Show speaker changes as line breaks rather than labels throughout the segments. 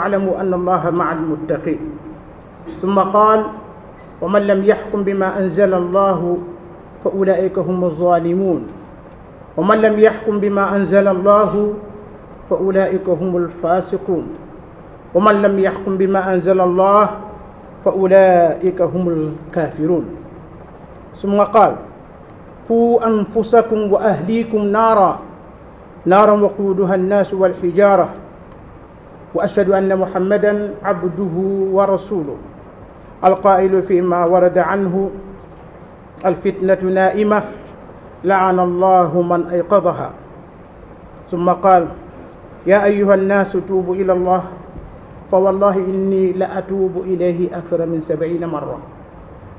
واعلموا أن الله مع المتقين ثم قال ومن لم يحكم بما أنزل الله فأولئك هم الظالمون ومن لم يحكم بما أنزل الله فأولئك هم الفاسقون ومن لم يحكم بما أنزل الله فأولئك هم الكافرون ثم قال قوا أنفسكم وأهليكم نارا نارا وقودها الناس والحجارة وأشهد أن محمدا عبده ورسوله القائل فيما ورد عنه الفتنة نائمة لعن الله من أيقظها ثم قال يا أيها الناس توبوا إلى الله فوالله إني لأتوب إليه أكثر من سبعين مرة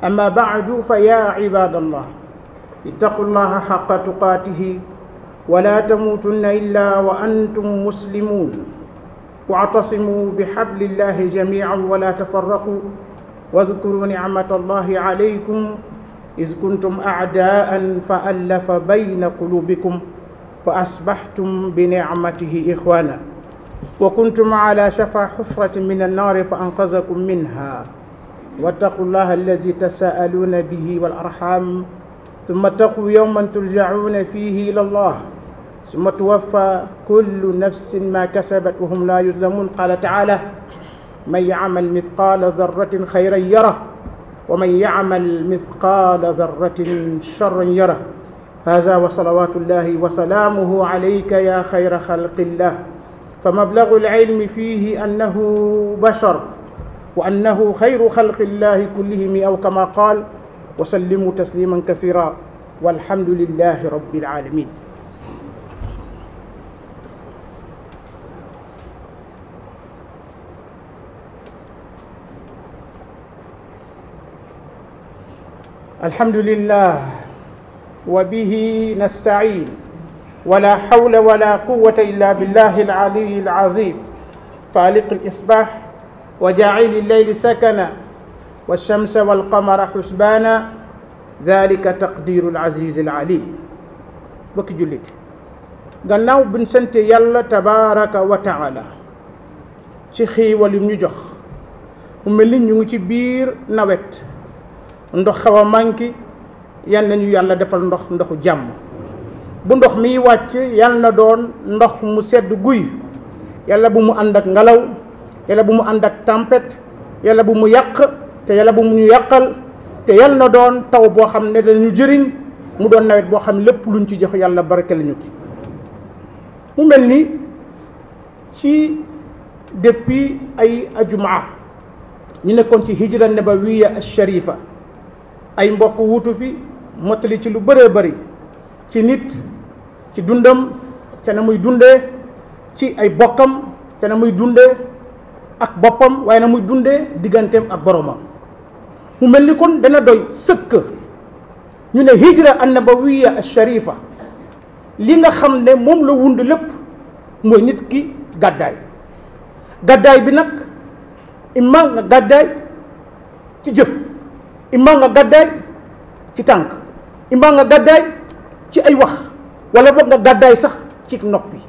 أما بعد فيا عباد الله اتقوا الله حق تقاته ولا تموتن إلا وأنتم مسلمون واعتصموا بحبل الله جميعا ولا تفرقوا واذكروا نعمة الله عليكم إذ كنتم أعداء فألف بين قلوبكم فأصبحتم بنعمته إخوانا وكنتم على شفا حفرة من النار فأنقذكم منها واتقوا الله الذي تساءلون به والأرحام ثم اتقوا يوما ترجعون فيه إلى الله summa tuwaffa kullu nafsin ma kasabat wa hum laa yuzlamuun qaala taala man yaamal mithqaala darratin xayran yara wa man yaamal mithqaala darratin charran yara haza wa salawaatu llahi wa salaamuhu alayka ya xayra xalqillah fa mablagu lcilmi fiihi annahu bashar wa annahu xayru xalqillahi kullihim aw kama qaal wa sallimu tasliman kacira walhamdulillahi rabbil alamin الحمد لله وبه نستعين ولا حول ولا قوة إلا بالله العلي العظيم فالق الإصباح وجاعل الليل سكنا والشمس والقمر حسبانا ذلك تقدير العزيز العليم bokki jullit gannaaw buñ sant yàlla tabaraka wa taala ci xiiwal yum ñu jox mu mel ni ñu ngi ci biir nawet ndox xaw a manqué yan nañu yàlla defal ndox ndoxu jàmm bu ndox miy wàcc yal na doon ndox mu sedd guy yàlla bu mu ànd ak ngelaw yàlla bu mu ànd ak tempête yàlla bu mu yàq te yàlla bu mu ñu yàqal te yal na doon taw boo xam ne dañu jëriñ mu doon nawet boo xam lépp luñ ci jox yàlla barke lañu ci mu mel ni ci depuis ay ajumaa ñu nekkoon ci hijra nabawiya al sharifa ay mbokk wuutu fi mottali ci lu bëree bëri ci nit ci dundam ca na muy dundee ci ay bokkam ca na muy dundee ak boppam waaye na muy dunde digganteem ak boromam mu mel ni kon dana doy sëkk ñu ne hijra annabawiya asharifa li nga xam ne moom la wund lépp mooy nit ki gàddaay gàddaay bi nag imma nga gàddaay ci jëf imma nga gàddaay ci tànk imma nga gàddaay ci ay wax wala boog nga gàddaay sax ci noppi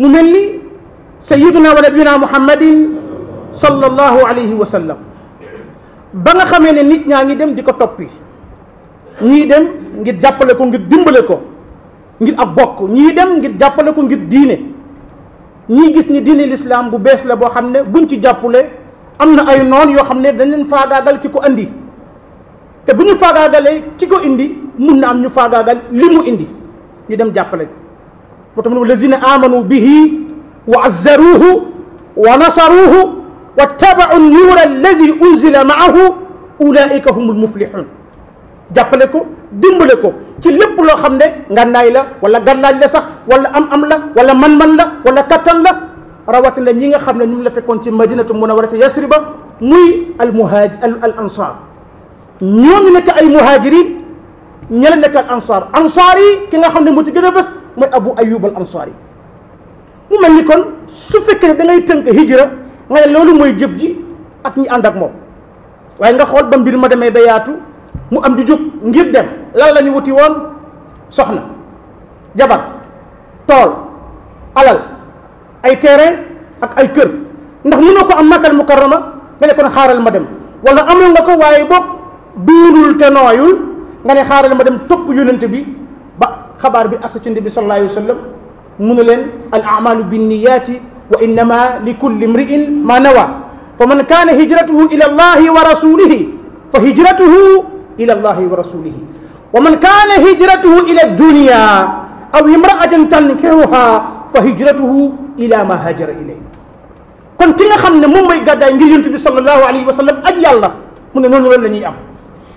mu mel ni sayyiduna wa nabiyuna muhammadin sallallahu alayhi wa ba nga xamee ne nit ñaa ngi dem di ko toppi ñii dem ngir jàppale ko ngir dimbale ko ngir ak bokk ñii dem ngir jàppale ko ngir diine ñii gis ni diine lislaam bu bees la boo xam ne buñ ci jàppale am na ay noon yoo xam ne dañ leen faagaagal ki ko indi te bu ñu faagaagalee ki ko indi mun na am ñu faagaagal li mu indi ñu dem jàppale ko moo tax mu ne allazina wa azzaruhu wa nasaruhu wa tabaau nuura allazi unzila maahu ulaika humul muflihun jàppale ko dimbale ko ci lépp loo xam ne ngànnaay la wala gàllaaj sax wala am am la wala man-man la wala kattan la rawatina ñi nga xam ne ñu ngi la fekkoon ci madinatu munawwara ci yasriba muy al muhaaj al ansaar ñooñu nekk ay muhaajirin ña la nekk al ansaar ansaar yi ki nga xam ne moo ci gën a fës mooy abu ayub al ansaar yi mu mel ni kon su fekkee ne da ngay tënk hijra nga ne loolu mooy jëf ji ak ñi ànd ak moom waaye nga xool ba mbir ma demee ba yaatu mu am di jóg ngir dem lan la ñu wuti woon soxna jabar tool alal ay terrain ak ay kër ndax mënoo ko am Makka Mukarrama nga ne kon xaaral ma dem wala amoon nga ko waaye boog duunul te nooyul nga ne xaaral ma dem topp yonent bi ba xabaar bi agsi ci Nabi sallallahu alayhi wa sallam mu ne leen al amalu binniyaati wa innama li kulli imri'in ma nawa fa man kaana hijratuhu ila allahi wa rasulihi fa hijratuhu ila allahi wa rasulihi wa man kaana hijratuhu ila dunya aw imra'atin tankihuha fa hijratuhu ila ma hajara ilay kon ki nga xam ne moom mooy gàddaay ngir yonent bi sallallahu alayhi wa sallam ak yàlla mu ne noonu loolu la ñuy am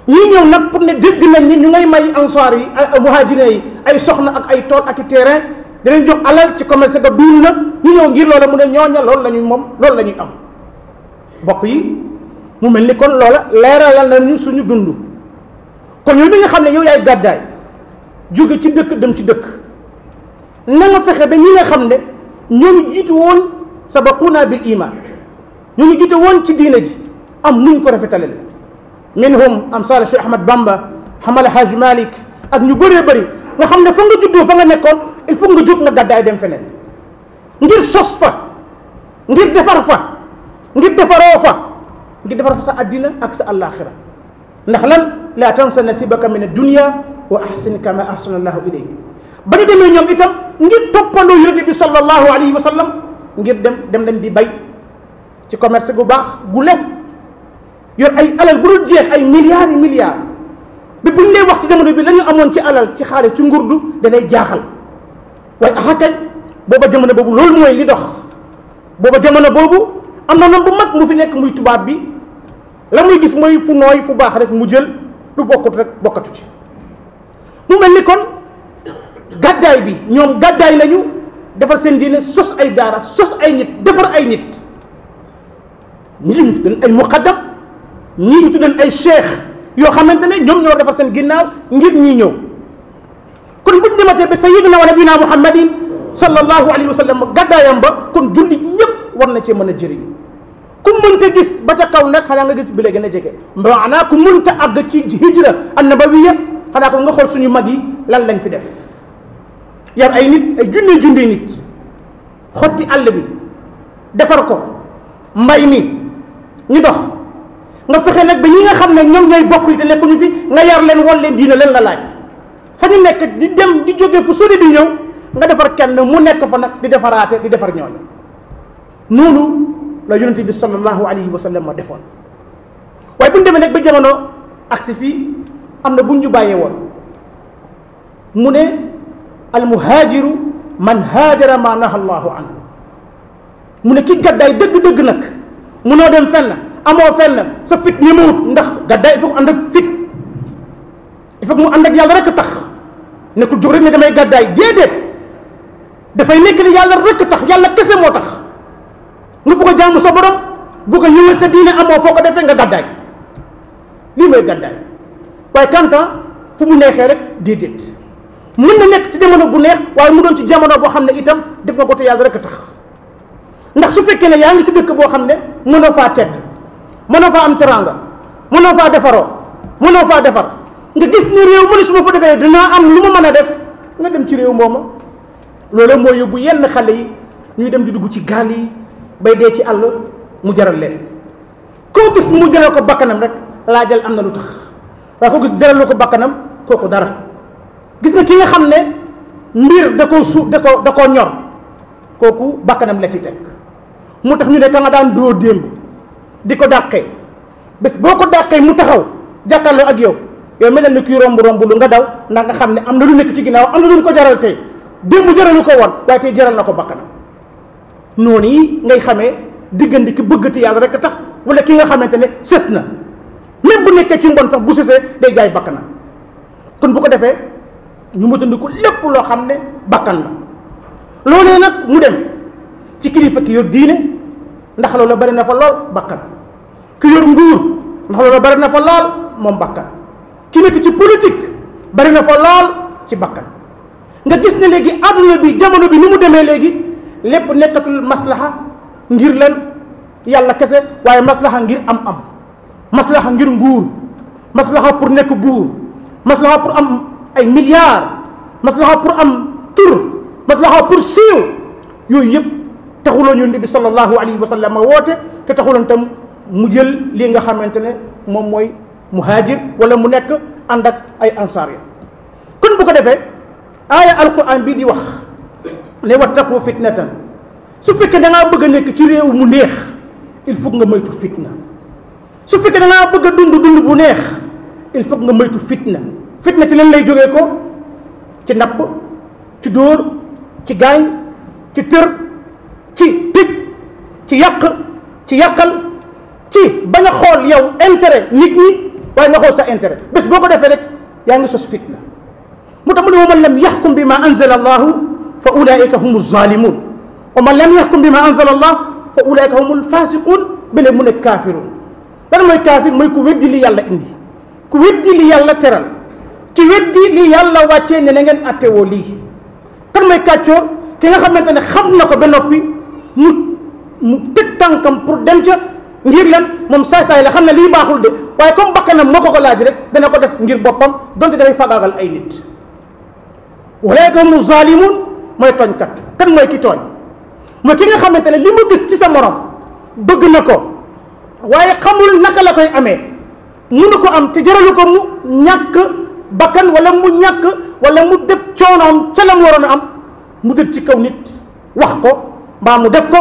ñii ñëw nag pour ne dégg nañ ni ñu ngay may ansaar yi muhajirina yi ay soxna ak ay tool ak i terrain dinañ jox alal ci commerce ga duun na ñu ñëw ngir loola mu ne ñooña loolu la ñuy moom loolu la ñuy am bokk yi mu mel ni kon loola leeralal nañu suñu dund kon yow mi nga xam ne yow yaay gàddaay jóge ci dëkk dem ci dëkk na nga fexe ba ñi nga xam ne ñooñu jiitu woon sabaquuna bil iman ñooñu jiite woon ci diina ji am nuñ ko rafetalale minhum amsal Cheikh Ahmad Bamba xamal Haj Malik ak ñu bëree bari nga xam ne fa nga juddoo fa nga nekkoon il faut nga jóg nga gàddaay dem feneen ngir sos fa ngir defar fa ngir defaroo fa ngir defar fa sa addina ak sa àllaaxira ndax lan laa tansa nasibaka min ad wa ahsin kama ahsana allahu ilayk ba ñu demee ñoom itam ngir toppandoo yonent bi sallallahu alayhi wa sallam ngir dem dem leen di bay ci commerce bu baax gu leb yor ay alal bu dul jeex ay milliards yi milliards bi buñ lay wax ci jamono bi la ñu amoon ci alal ci xaalis ci ngurdu danay jaaxal waaye axakañ booba jamono boobu loolu mooy li dox booba jamono boobu am na noonu bu mag mu fi nekk muy tubaab bi la muy gis mooy fu nooy fu baax rek mu jël lu bokkut rek bokkatu ci mu mel ni kon gàddaay bi ñoom gàddaay lañu defar seen diine sos ay daara sos ay nit defar ay nit ñii ñu tuddeen ay muqaddam ñii ñu tuddeen ay cheikh yoo xamante ne ñoom ñoo defar seen ginnaaw ngir ñi ñëw kon bu ñu dematee ba sayyidina wa nabina muhammadin sallallahu alayhi wa sallam gàddaayam ba kon jullit ñëpp war na cee mën a jëriñu ku mënta gis ba ca kaw nag xanaa nga gis bi la gën a jege maanaam ku mënta àgg ci hijra annabawiya xanaa kon nga xool suñu mag yi lan lañ fi def yar ay nit ay junne junne nit xotti àll bi defar ko mbay mi ñu dox nga fexe nag bi ñi nga xam ne ñoom ngay bokk yi te nekkuñu fi nga yar leen won leen diina leen la laaj fa ñu nekk di dem di jóge fu sori di ñëw nga defar kenn mu nekk fa nag di defaraate di defar ñooñu noonu la yonent bi sallallahu alayhi wa sallam defoon waaye bu ñu demee nag ba jamono agsi fii am na buñ ñu bàyyee woon mu ne almuhaajiru man haajara ma naha allahu anhu mu ne ki gaddaay dëgg-dëgg nag noo dem fenn amoo fenn sa fit ñi mu wut ndax gaddaay il faut mu ànd ak fit il faut mu ànd ak yàlla rek a tax nekkul jóg rek ne damay gaddaay déedéet dafay nekk ni yàlla rek tax yàlla kese moo tax nga bu ko jaamu sa borom bu ko ñëwee sa diine amoo foo ko defee nga gaddaay lii mooy gaddaay waaye kantan fu mu neexee rek déedéet mën na nekk ci jamono bu neex waaye mu doon ci jamono boo xam ne itam def nga ko te yàlla rek a tax ndax su fekkee ne yaa ngi ci dëkk boo xam ne mënoo faa tedd mënoo faa am teranga mënoo faa defaroo mënoo faa defar nga gis ne réew mu ne su ma fa defee dinaa am lu ma mën a def nga dem ci réew mooma loolu mooy yóbbu yenn xale yi ñuy dem di dugg ci gaal yi bay dee ci àll mu jaral leen koo gis mu jaral ko bakkanam rek laa laajal am na lu tax waaye koo gis jaral ko bakkanam kooku dara gis nga ki nga xam ne mbir da koo su da koo da koo ñor kooku bakkanam la ci teg mu tax ñu ne ka nga daan doo démb di ko dàqee bés boo ko dàqee mu taxaw jàkkaarloo ak yow yow mel na kuy romb romb lu nga daw ndax nga xam ne am na lu nekk ci ginnaaw am na lu ko jaral tey démb jaralu ko won waaye tey jaral na ko bàkkanam noonu yi ngay xamee diggante ki bëggati yàlla rek tax wala ki nga xamante ne sës na même bu nekkee ci mbon sax bu sësee day jaay kon bu ko defee. ñu mu motandiku lépp loo xam ne bakkan la loolee nag mu dem ci kilifa ki yor diine ndax loolu bari na fa lool bakkan ki yor nguur ndax loolu bari na fa lool moom bakkan ki nekk ci politique bari na fa lool ci bakkan nga gis ne léegi àdduna bi jamono bi ni mu demee léegi lépp nekkatul maslaha ngir leen yàlla kese waaye maslaha ngir am am maslaha ngir nguur maslaha pour nekk buur maslaha pour am ay milliards maslaxa pour am tur maslaxa pour siiw yooyu yëpp taxuloon yonent bi sallallahu alayhi wa sallam woote te taxuloon tam mu jël lii nga xamante ne moom mooy muhaajir wala mu nekk ànd ak ay ansaar ya kon bu ko defee aaya alquran bii di wax ne wattaqu fitnatan su fekkee da ngaa bëgg a nekk ci réew mu neex il foog nga moytu fitna su fekkee da ngaa bëgg a dund dund bu neex il foog nga moytu fitna fitna ci lan lay jógee ko ci napp ci dóor ci gaañ ci tër ci tëj ci yàq ci yàqal ci bañ a xool yow intérêt nit ñi waaye nga xool sa intérêt bés boo ko defee rek yaa ngi sos fitna mu tax mu ne wa man lam yaxkum bi ma anzala allahu fa ulaika hum zalimun wa man lam yaxkum bi ma anzala allah fa ulaika hum alfasiqun bële mu ne kaafirun lan mooy kaafir mooy ku weddi li yàlla indi ku weddi li yàlla teral ci weddi li yàlla wàccee ne na ngeen attewoo lii kan mooy kàccoor ki nga xamante ne xam na ko ba noppi mu mu tëg tànkam pour dem ca ngir lan moom saay-saay la xam ne lii baaxul de waaye comme bakkanam moo ko ko laaj rek dana ko def ngir boppam donte dafay fagaagal ay nit walaayka mu zalimun mooy tooñkat kan mooy ki tooñ mooy ki nga xamante ne li mu gis ci sa morom bëgg na ko waaye xamul naka la koy amee mënu ko am te jaralu ko mu ñàkk bakkan wala mu ñàkk wala mu def coonoom ca la mu waroon a am mu dëkk ci kaw nit wax ko mbaa mu def ko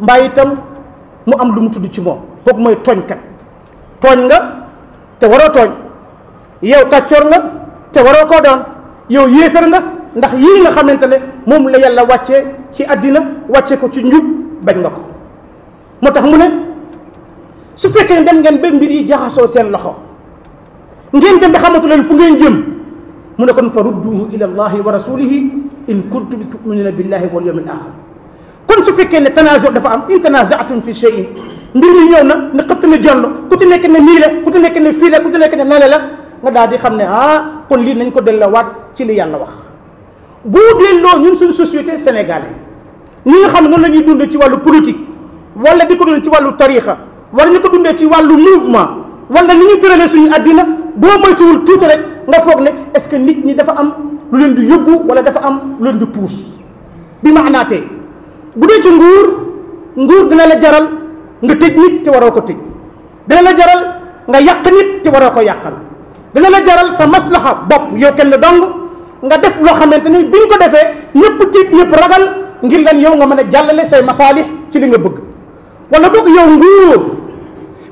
mbaa itam mu am lu mu tudd ci moom kooku mooy tooñkat tooñ nga te waroo tooñ yow kàccoor nga te waroo koo doon yow yéefar nga ndax yi nga xamante ne moom la yàlla wàccee ci àddina wàcce ko ci njub bañ nga ko moo tax mu ne su fekkee dem ngeen ba mbir yi jaxasoo seen loxo ngeen dem ba xamatu leen fu ngeen jëm mu ne kon fa rudduhu ila allahi wa rasulihi in kuntum tuminuna billahi wal yawmil axir kon su fekkee ne tanazo dafa am in tanazaatum fi cheyin mbir mi ñëw na ne xëtt na jonn ku ci nekk ne nii la ku ci nekk ne fii la ku ci nekk ne nale nga daal di xam ne ah kon lii nañ ko delloowaat ci li yàlla wax boo delloo ñun suñu société sénégalais ni nga xam ne la ñuy dundee ci wàllu politique wala di ko dundee ci wàllu tarixa wala ñu ko dundee ci wàllu mouvement wala ni ñu tëralee suñu àddina boo moytuwul tuuti rek nga foog ne est-ce que nit ñi dafa am lu leen di yóbbu wala dafa am lu leen di puus bi maanaa tey bu dee ci nguur nguur dina la jaral nga tëj nit te waroo ko tëj dina la jaral nga yàq nit te waroo ko yàqal dina la jaral sa maslaxa bopp yow kenn dong nga def loo xamante ne bi ñu ko defee ñëpp tiit ñëpp ragal ngir lan yow nga mën a jàllale say masaalix ci li nga bëgg wala boog yow nguur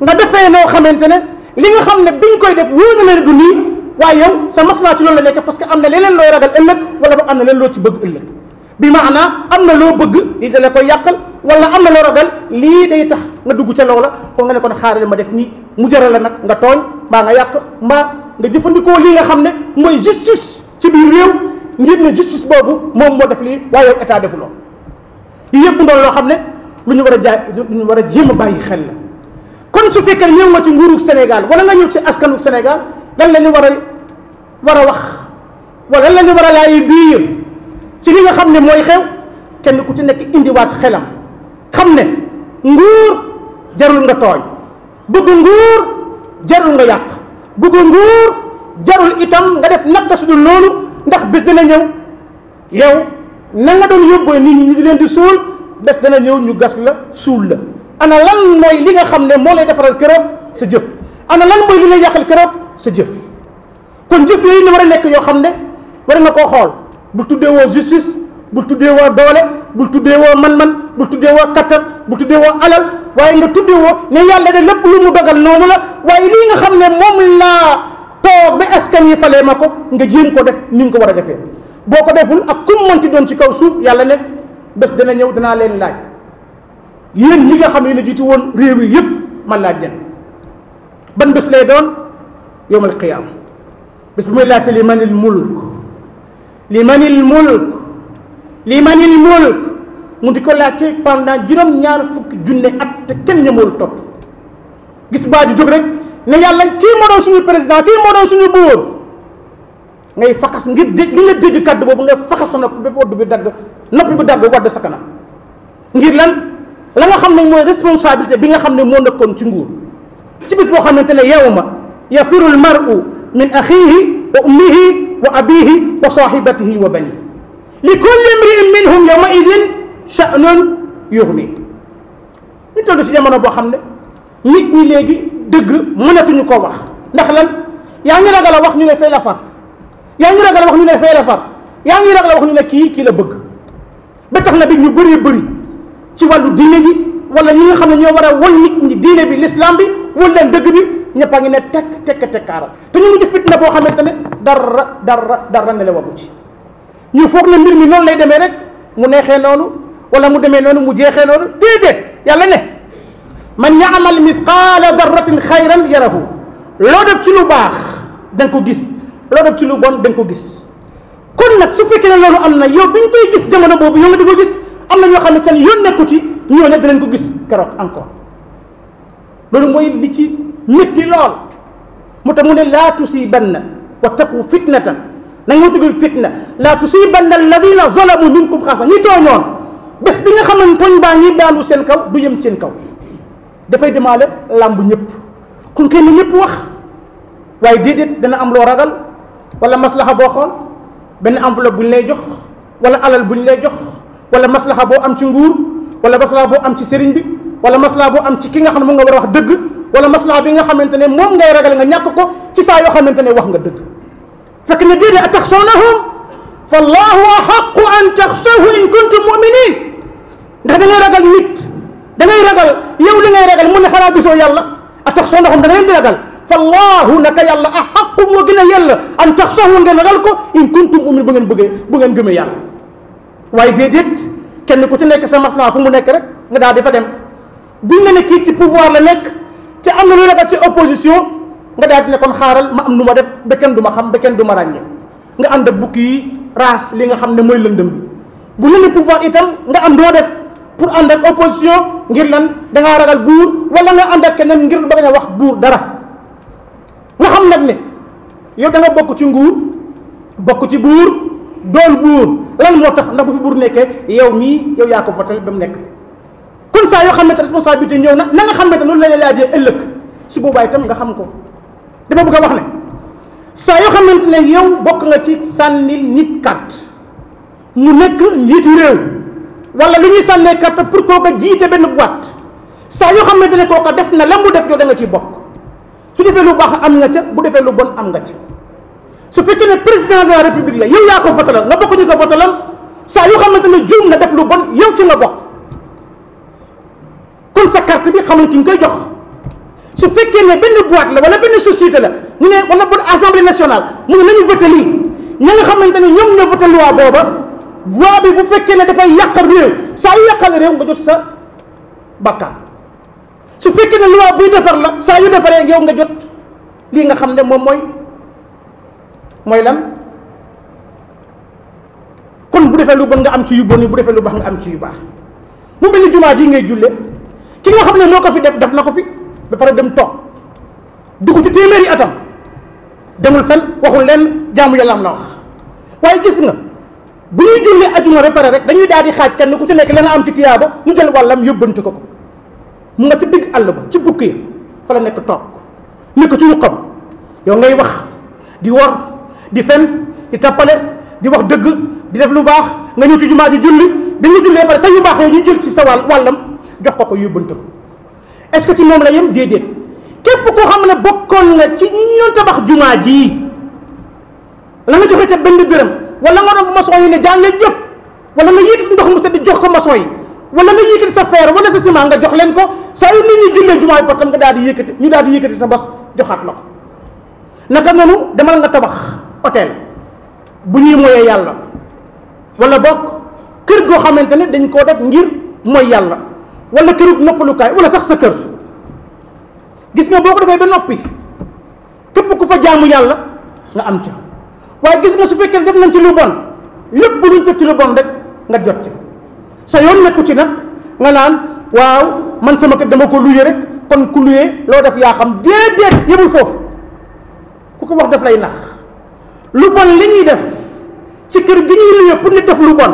nga defee loo xamante ne li nga xam ne biñ koy def wóor na leen du nii waaye yow sa maslaa ci loolu la nekk parce que am na leneen looy ragal ëllëg wala ba am na leen loo ci bëgg ëllëg bi maanaa am na loo bëgg lii dala koy yàqal wala am na loo ragal lii day tax nga dugg ca loola ko nga ne kon xaaral ma def nii mu jaral la nag nga tooñ mbaa nga yàq mbaa nga jëfandikoo lii nga xam ne mooy justice ci biir réew ngir ne justice boobu moom moo def lii waaye yow état defuloo yii yëpp ndoon loo xam ne lu ñu war a war a jéem a bàyyi xel la kon su fekkee ñëw nga ci nguuru Sénégal wala nga ñëw ci askanu Sénégal lan la ñu war a a wax wala lan la ñu war a laay biir ci li nga xam ne mooy xew kenn ku ci nekk indiwaat xelam xam ne nguur jarul nga tooñ bëgg nguur jarul nga yàq bëgg nguur jarul itam nga def naka su dul loolu ndax bés dina ñëw yow na nga doon yóbboo nit ñi ñu ngi leen di suul bés dana ñëw ñu gas la suul la. ana lan mooy li nga xam ne moo lay defaral këram sa jëf ana lan mooy li lay yàqal këram sa jëf kon jëf yooyu la war a nekk yoo xam ne war na koo xool bul tuddee woo justice bul tuddee woo doole bul tuddee woo man-man bul tuddee woo kattan bul tuddee woo alal waaye nga tuddee woo ne yàlla de lépp lu mu dogal noonu la waaye lii nga xam ne moom laa toog ba askan yi falee ma ko nga jéem ko def ni nga ko war a defee boo ko deful ak kum mënti doon ci kaw suuf yàlla ne bés dana ñëw danaa leen laaj yéen ñi nga xam ne jiitu woon réew yi yëpp man laaj leen ban bés lay doon yowmal qiyaam bés bu muy laajte li manil mulk li manil mulk li mulk mu di ko laajte pendant juróom-ñaar fukki junne at te kenn ñëmul topp gis baa ju jóg rek ne yàlla kii moo doon suñu président kii moo doon suñu buur ngay faxas ngir dégg li nga dégg kàdd boobu nga faxas sa nopp ba foddu bi dagg noppi bi dagg wadd sa kanam ngir lan la nga xam ne mooy responsabilité bi nga xam ne moo nekkoon ci nguur ci bis boo xamante ne yawma yafiru l maru min axihi wa ummihi wa abihi wa sahibatihi wa bani li kulli mriin minhum yawma idin sha'nun yughni ñu toll ci jamono boo xam ne nit ñi léegi dëgg mënatuñu koo wax ndax lan yaa ngi ragal a wax ñu ne fay la far yaa ngi ragal wax ñu ne fay la far yaa ngi ragal a wax ñu ne kii kii la bëgg tax na bi ñu bëree bëri ci wàllu diine ji wala ñi nga xam ne ñoo war a wan nit ñi diine bi l'islam bi wan leen dëgg bi ñëpp a ngi ne tekk tekk tekkaaral te ñu mujj fitna boo xamante ne dara dara dara ne la wagu ci ñu foog ne mbir mi noonu lay demee rek mu neexee noonu wala mu demee noonu mu jeexee noonu déedéet yàlla ne man yaamal mithqaala darratin xayran yarahu loo def ci lu baax dañ ko gis loo def ci lu bon dañ ko gis kon nag su fekkee ne loolu am na yow bi ñu koy gis jamono ko gis am na ñoo xam ne seen yoon nekku ci ñoo ne danañ ko gis keroog encore loolu mooy li ci métti lool mu tax mu ne laa tusibanna wattaqu fitnatan nañ ma tugul fitna laa tusibanna alladina zalamu minkum xaasa ñi tooñoon bés bi nga xam ne tooñ baa ñi daanu seen kaw du yem seen kaw dafay demaale làmb ñëpp kon kenn ñëpp wax waaye déedéet dana am loo ragal wala maslaxa boo xool benn enveloppe ñu lay jox wala alal buñ lay jox wala maslaha boo am ci nguur wala maslaha boo am ci sëriñ bi wala maslaha boo am ci ki nga xam ne moom nga war a wax dëgg wala maslaha bi nga xamante ne moom ngay ragal nga ñàkk ko ci saa yoo xamante ne wax nga dëgg fekk ne déedéet ataxshawnahum fa allahu axaqu an taxshahu in kuntum muminin ndax da ngay ragal nit da ngay ragal yow li ngay ragal mu ne xanaa gisoo yàlla ataxshawnahum da nga leen di ragal fa allahu naka yàlla axaqu moo gën a yàlla an taxshahu ngeen ragal ko in kuntum muminin bu ngeen bëggee bu ngeen gëmee yàlla waaye déedéet kenn ku ci nekk sa maslaa fu mu nekk rek nga daal di fa dem buñ la ne kii ci pouvoir la nekk te am na lu nekk ci opposition nga daal di ne kon xaaral ma am nu ma def ba kenn du xam ba kenn du ma nga ànd ak bukki yi raas li nga xam ne mooy lëndëm bi bu ñu ne pouvoir itam nga am doo def pour ànd ak opposition ngir lan da ragal buur wala nga ànd ak keneen ngir bëgg a wax buur dara nga xam nag ne yow da nga bokk ci nguur bokk ci buur doon buur lan moo tax ndax bu fi buur nekkee yow mii yow yaa ko voté ba mu nekk fi kon saa yoo xamante responsabilité ñëw na na nga xamante loolu la lay laajee ëllëg su boobaa itam nga xam ko dama bëgg a wax ne saa yoo xamante ne yow bokk nga ci sànnil nit carte mu nekk njiitu réew wala lu ñuy sànnee carte pour kooka jiite benn boîte saa yoo xamante ne kooka def na la mu def yow da nga ciy bokk su defee lu baax am nga ca bu defee lu bon am nga ca su fekkee ne président de la république la yow yaa ko votalal nga bokk ñu ko votalal saa yoo xamante ne juum na def lu bon yow ci nga bokk kon sa carte bi xamuñ ki nga koy jox su fekkee ne benn boîte la wala benn société la ñu ne wala bon assemblée nationale mu ne nañu voté lii ña nga xamante ne ñoom ñoo voté loi booba loi bi bu fekkee ne dafay yàqal réew saa yu nga jot sa bàkkaar su fekkee ne loi buy defar la saa yu defaree yow nga jot lii nga xam ne moom mooy mooy lan kon bu defee lu bon nga am ci yu bon yi bu defee lu baax nga am ci yu baax mu mel ni jumaa ji ngay julle ki nga xam ne moo ko fi def def na ko fi ba pare dem toog ko ci téeméeri atam demul fen waxul leen jaamu yàlla am la wax waaye gis nga bu ñuy jullee ajuma ba pare rek dañuy daal di xaaj kenn ku ci nekk la nga am ci tiyaaba ñu jël wàllam yóbbante ko ko mu nga ci digg àll ba ci bukk bukki fa la nekk toog nekk ci ruqam yow ngay wax di wor di fen di tappale di wax dëgg di def lu baax nga ñëw ci jumaa ji julli bi ñu jullee pare sa yu baax yooyu ñu jël ci sa wàll wàllam jox ko ko yóbbante ko est-ce que ci moom la yem déedéet képp ko xam ne bokkoon na ci ñi doon tabax jumaa jii la nga joxe ca benn dërëm wala nga doon bu maçon yi ne jaa ngeen jëf wala nga yëkkati ndox mu sedd jox ko maçon yi wala nga yëkkati sa wala sa nga jox leen ko saa yu nit ñi jullee jumaa yi patam nga daal di yëkkati ñu daal yëkkati sa bos joxaat la ko naka noonu demal nga tabax hôtel bu ñuy moyee yàlla wala bokk kër goo xamante ne dañ koo def ngir mooy yàlla wala kërug noppalukaay wala sax sa kër gis nga boo ko defee ba noppi képp ku fa jaamu yàlla nga am ca waaye gis nga su fekkee def nañ ci lu bon lépp luñ def ci lu bon rek nga jot ci sa yoon nekku ci nag nga naan waaw man sama kër dama ko luye rek kon ku luye loo def yaa xam déedéet yëbul foofu ku ko wax daf lay nax lu bon li ñuy def ci kër gi ñuy luye pour nit def lu bon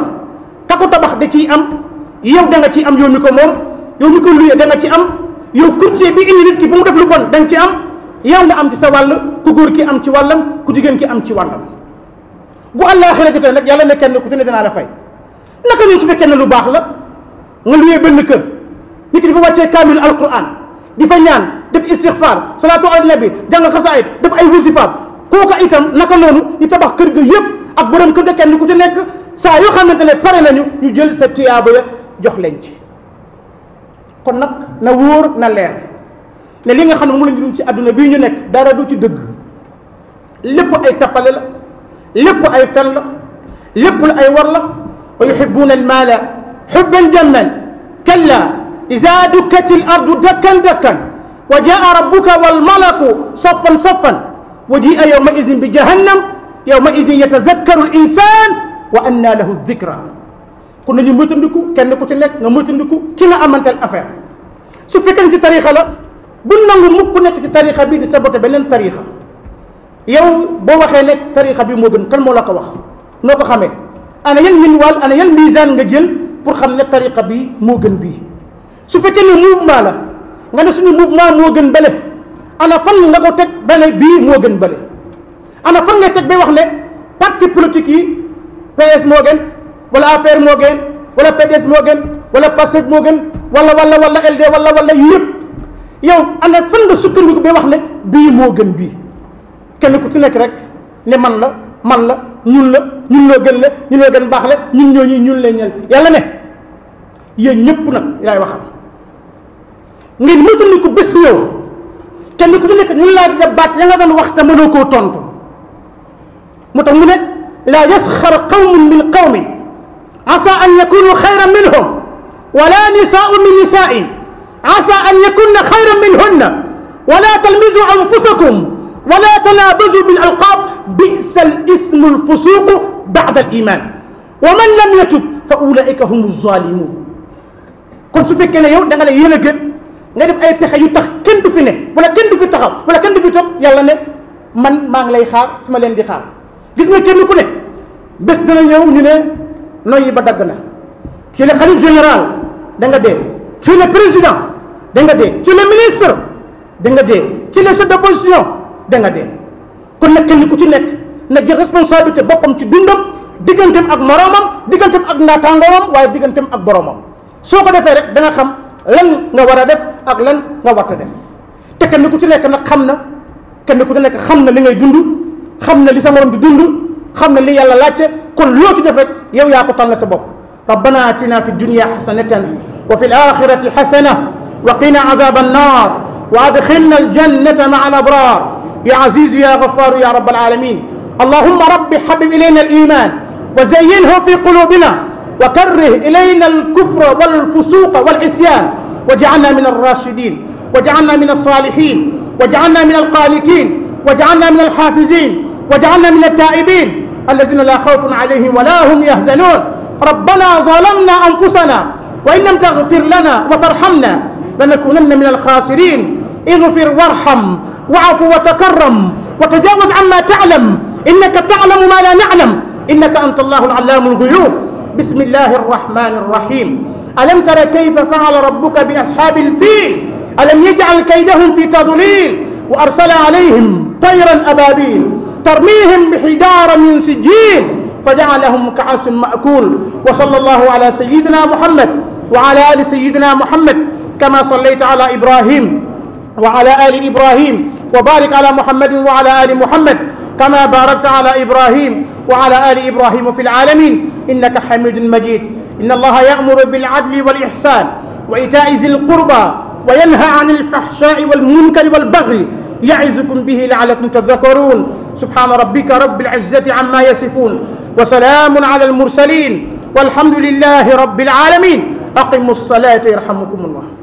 ka ko tabax da ciy am yow da nga ciy am yow mi ko moom yow mi ko luye da nga ci am yow courtier bi indi nit ki bu mu def lu bon da ci am yow nga am ci sa wàll ku góor ki am ci wàllam ku jigéen ki am ci wàllam bu àllaaxira jotee nag yàlla ne kenn ku ci ne danaa la fay naka ñun su fekkee ne lu baax la nga luyee benn kër nit ki dafa wàccee kaamil alquran di fa ñaan def istixfar salaatu ala nabi jàng xasaayit def ay wasifaam kooka itam naka noonu ñu tabax kër ga yëpp ak bërëm kër ga kenn ku ci nekk saa yoo xamante ne pare nañu ñu jël sa tuyaaba jox leen ci kon nag na wóor na leer ne li nga xam ne moom lañu ci àdduna bii ñu nekk dara du ci dëgg lépp ay tappale la lépp ay fen la lépp lu ay war la wa yuhibbuuna almaala xubban jamman kalla izaa dukkati al ardu dakkan dakkan wa jaa rabbuka wal malaku saffan saffan وجيء يومئذ بجهنم يومئذ يتذكر الإنسان وأنى له الذكرى kon nañu moytandiku kenn ku ci nekk nga moytandiku ci nga amanteel affaire su fekkee ci tariixa la bu nangu mukk nekk ci tariixa bi di saboté beneen tariixa yow boo waxee nekk tariixa bi moo gën kan moo la ko wax noo ko xamee ana yan minwaal ana yan misaan nga jël pour xam ne tariixa bi moo gën bii su fekkee ne mouvement la nga ne suñu mouvement moo gën bële ana fan nga ko teg ba ne bii moo gën bële ana fan nga teg ba wax ne parti politique yi PS moo gën wala APR moo gën wala PDS moo gën wala PASTEF moo gën wala wala wala LD wala wala yu yëpp yow ana fan nga sukkandiku ba wax ne bii moo gën bii kenn ku ci nekk rek ne man la man la ñun la ñun loo gën la ñun loo gën baax la ñun ñooñu ñun la ñel yàlla ne yéen ñëpp nag laay waxal ngeen moytandiku bés ñëw kenn ku ci nekk ñu laa dija baat ya nga doon wax te mënoo koo tontu mu tax mu ne laa yasxar qawmun min qawmin asa an yakunu xayran minhum wala nisaa'un min nisaa'in asa an yakunna xayran minhunna wala talmizu anfusakum wala tanaabazu bil alqaab bi'sa al ismu al fusuuqu ba'da al iimaan wa man lam yatub fa ulaa'ika humu zaalimuun kon su fekkee ne yow da nga ne yéen a gën nga def ay pexe yu tax kenn du fi ne wala kenn du fi taxaw wala kenn du fi toog yàlla ne man maa ngi lay xaar fi ma leen di xaar gis nga kenn ku ne bés dana ñëw ñu ne noyyi ba dagg na ci le xalif général da nga dee ci le président da nga dee ci le ministre da nga dee ci le chef d'opposition da nga dee kon nag kenn ku ci nekk na jël responsabilité boppam ci dundam digganteem ak moroomam digganteem ak naataangoom waaye digganteem ak boroomam soo ko defee rek da xam lan nga war a def ak lan nga war a def te kenn ku ci nekk nag xam na kenn ku ci nekk xam na li ngay dund xam na li sa morom di dund xam na li yàlla laajte kon loo ci def rek yow yaa ko tànn sa bopp rabbana atina fi dunya xasanatan wa fi l axirati xasana wa qina adaba annar wa adxilna aljannata maa al abrar ya azizu ya gafaru ya rabbal alamin allahumma rabbi habib ilayna al iman wa zayyinhu fi qulubina wa karrih ilayna al kufra wal fusuqa wal isyan واجعلنا من الراشدين واجعلنا من الصالحين واجعلنا من القانتين واجعلنا من الحافزين واجعلنا من التائبين الذين لا خوف عليهم ولا هم يحزنون ربنا ظلمنا أنفسنا وإن لم تغفر لنا وترحمنا لنكونن من الخاسرين اغفر وارحم واعف وتكرم وتجاوز عما تعلم إنك تعلم ما لا نعلم إنك أنت الله العلام الغيوب بسم الله الرحمن الرحيم ألم تر كيف فعل ربك بأصحاب الفيل ألم يجعل كيدهم في تضليل وأرسل عليهم طيرا أبابيل ترميهم بحجارة من سجيل فجعلهم كعصف مأكول وصلى الله على سيدنا محمد وعلى آل سيدنا محمد كما صليت على إبراهيم وعلى آل إبراهيم وبارك على محمد وعلى آل محمد كما باركت على إبراهيم وعلى آل إبراهيم في العالمين إنك حميد مجيد إن الله يأمر بالعدل والإحسان وإيتاء ذي القربى وينهى عن الفحشاء والمنكر والبغي يعظكم به لعلكم تذكرون سبحان ربك رب العزة عما يصفون وسلام على المرسلين والحمد لله رب العالمين أقموا الصلاة يرحمكم الله